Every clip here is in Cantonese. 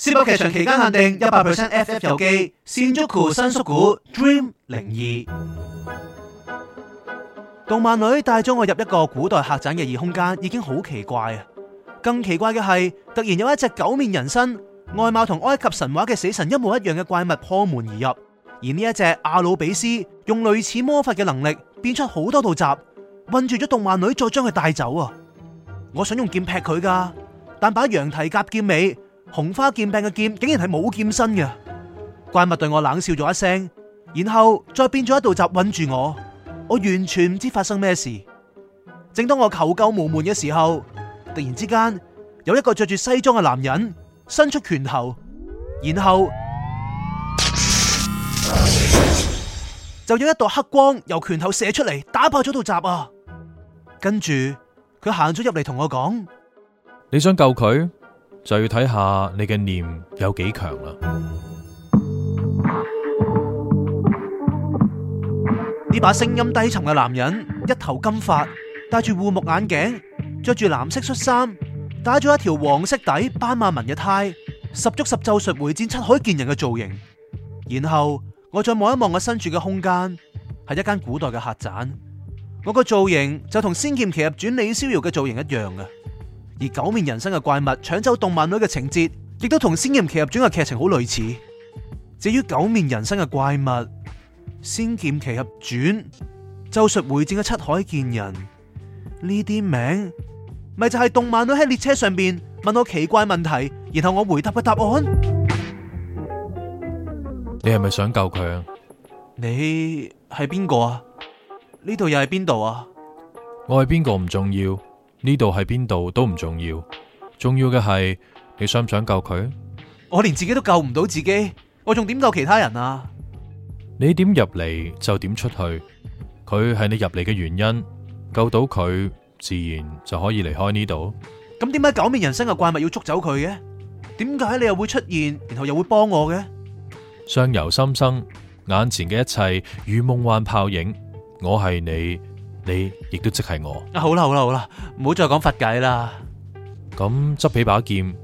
Zip 噏劇場期間限定，一百 percent FF 遊記，Shinjuku 新宿故，Dream 零二。動漫女帶咗我入一個古代客棧嘅異空間，已經好奇怪啊！更奇怪嘅係，突然有一隻狗面人身，外貌同埃及神話嘅死神一模一樣嘅怪物破門而入，而呢一隻阿努比斯用類似魔法嘅能力變出好多道閘困住咗動漫女，再將佢帶走啊！我想用劍劈佢噶，但把羊蹄甲劍尾，紅花劍柄嘅劍竟然係冇劍身嘅，怪物對我冷笑咗一聲，然後再變咗一道閘困住我。我完全唔知發生咩事。正當我求救無門嘅時候，突然之間有一個着住西裝嘅男人伸出拳頭，然後就有一道黑光由拳頭射出嚟，打爆咗道閘啊！跟住佢行咗入嚟同我講：你想救佢？就要睇下你嘅念有幾強啦！呢把聲音低沉嘅男人，一頭金髮，戴住護目眼鏡，着住藍色恤衫，打咗一條黃色底斑馬紋嘅呔，十足十咒術迴戰七海健人嘅造型。然後我再望一望我身處嘅空間，係一間古代嘅客棧。我個造型就同仙劍奇俠傳李逍遙嘅造型一樣嘅。而狗面人身嘅怪物搶走動漫女嘅情節，亦都同《仙劍奇俠傳》嘅劇情好類似。至於狗面人身嘅怪物、仙劍《仙劍奇俠傳》、咒術回戰嘅七海健人呢啲名，咪就係動漫女喺列車上邊問我奇怪問題，然後我回答嘅答案？你係咪想救佢？你係邊個啊？呢度又係邊度啊？我係邊個唔重要。呢度係邊度都唔重要，重要嘅係你想唔想救佢？我連自己都救唔到自己，我仲點救其他人啊？你點入嚟，就點出去，佢係你入嚟嘅原因，救到佢，自然就可以離開呢度。咁點解狗面人身嘅怪物要捉走佢嘅？點解你又會出現，然後又會幫我嘅？相由心生，眼前嘅一切如夢幻泡影，我係你。你亦都即係我。好啦好啦好啦，唔好再講佛偈啦。咁執起把劍，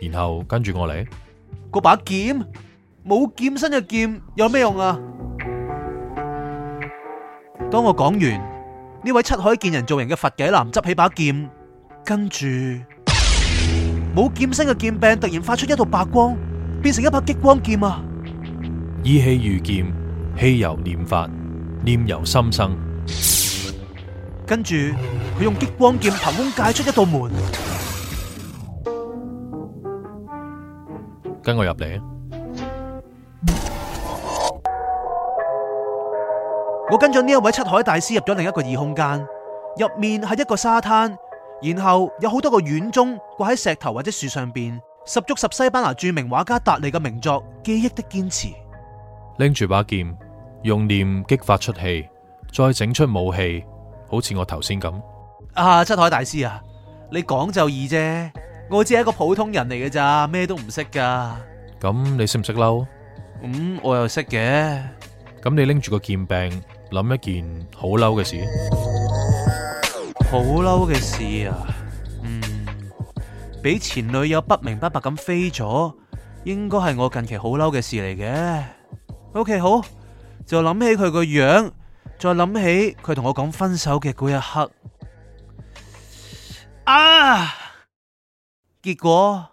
然後跟住我嚟。個把劍冇劍身嘅劍有咩用啊？當我講完，呢位七海健人造型嘅佛偈男執起把劍，跟住冇劍身嘅劍柄突然發出一道白光，變成一把激光劍啊！以氣御劍，氣由念發，念由心生。跟住佢用激光劍憑空 𠝹 出一道門，跟我入嚟。我跟咗呢一位七海大師入咗另一個異空間，入面係一個沙灘，然後有好多個軟鐘掛喺石頭或者樹上面，十足十西班牙著名畫家達利嘅名作《記憶的堅持》。拎住把劍，用念激發出氣，再整出武器。好似我頭先咁啊！七海大師啊，你講就易啫，我只係一個普通人嚟嘅咋，咩都唔識噶。咁、嗯、你識唔識嬲？嗯，我又識嘅。咁、嗯、你拎住個劍柄，諗一件好嬲嘅事。好嬲嘅事啊，嗯，俾前女友不明不白咁飛咗，應該係我近期好嬲嘅事嚟嘅。OK，好，就諗起佢個樣。再諗起佢同我講分手嘅嗰一刻啊，結果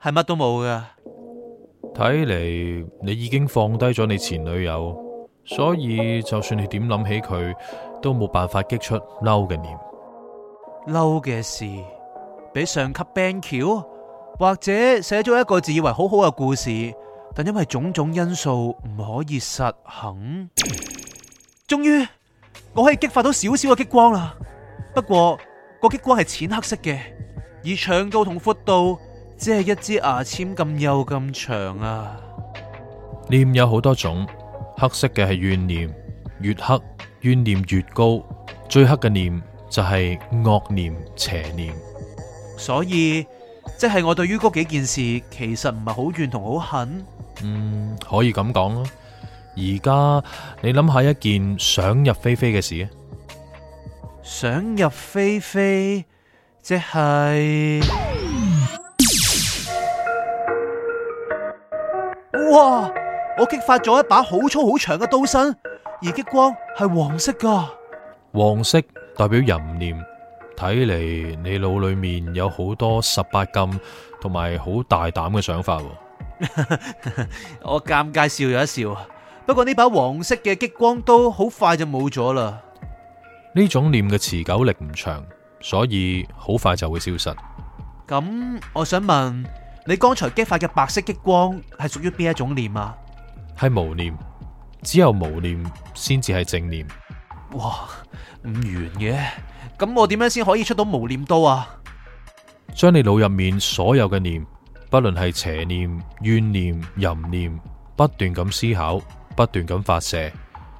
係乜都冇噶。睇嚟你已經放低咗你前女友，所以就算你點諗起佢，都冇辦法激出嬲嘅念。嬲嘅事，俾上級 ban 橋，或者寫咗一個自以為好好嘅故事，但因為種種因素唔可以實行。終於！我可以激發到少少嘅激光啦，不過個激光係淺黑色嘅，而長度同闊度，只係一支牙籤咁幼咁長啊。念有好多種，黑色嘅係怨念，越黑，怨念越高，最黑嘅念就係惡念、邪念。所以即係我對於嗰幾件事，其實唔係好怨同好恨。嗯，可以咁講咯。而家你諗下一件想入非非嘅事。想入非非，即係哇！我激發咗一把好粗好長嘅刀身，而激光係黃色㗎。黃色代表淫念，睇嚟你腦裏面有好多十八禁同埋好大膽嘅想法。 我尷尬笑咗一笑。不過呢把黃色嘅激光刀好快就冇咗啦。呢種念嘅持久力唔長，所以好快就會消失。咁，嗯，我想問你剛才激發嘅白色激光係屬於邊一種念啊？係無念，只有無念先至係正念。哇，唔完嘅，咁，嗯，我點樣先可以出到無念刀啊？將你腦入面所有嘅念，不論係邪念、怨念、淫念，不斷咁思考。不斷咁發射，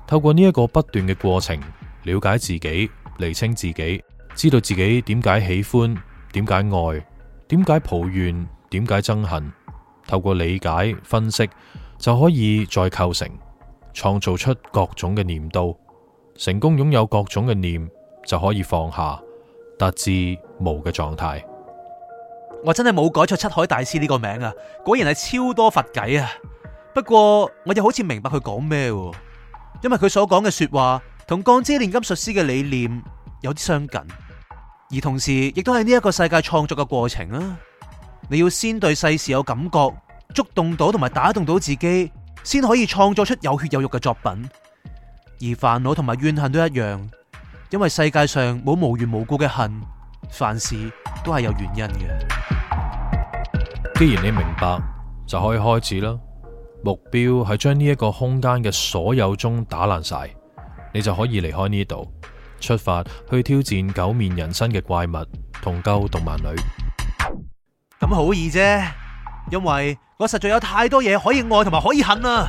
透過呢一個不斷嘅過程，了解自己，釐清自己，知道自己點解喜歡，點解愛，點解抱怨，點解憎恨。透過理解分析，就可以再構成，創造出各種嘅念刀。成功擁有各種嘅念，就可以放下，達至無嘅狀態。我真係冇改錯七海大師呢個名啊！果然係超多佛偈啊！不過我又好似明白佢講咩，因為佢所講嘅說話同鋼之鍊金術師嘅理念有啲相近，而同時亦都係呢一個世界創作嘅過程啦。你要先對世事有感覺，觸動到同埋打動到自己，先可以創作出有血有肉嘅作品。而煩惱同埋怨恨都一樣，因為世界上冇無緣無故嘅恨，凡事都係有原因嘅。既然你明白，就可以開始啦。目標係將呢一個空間嘅所有鐘打爛晒，你就可以離開呢度，出發去挑戰狗面人身嘅怪物同救動漫女。咁好易啫，因為我實在有太多嘢可以愛同埋可以恨啊！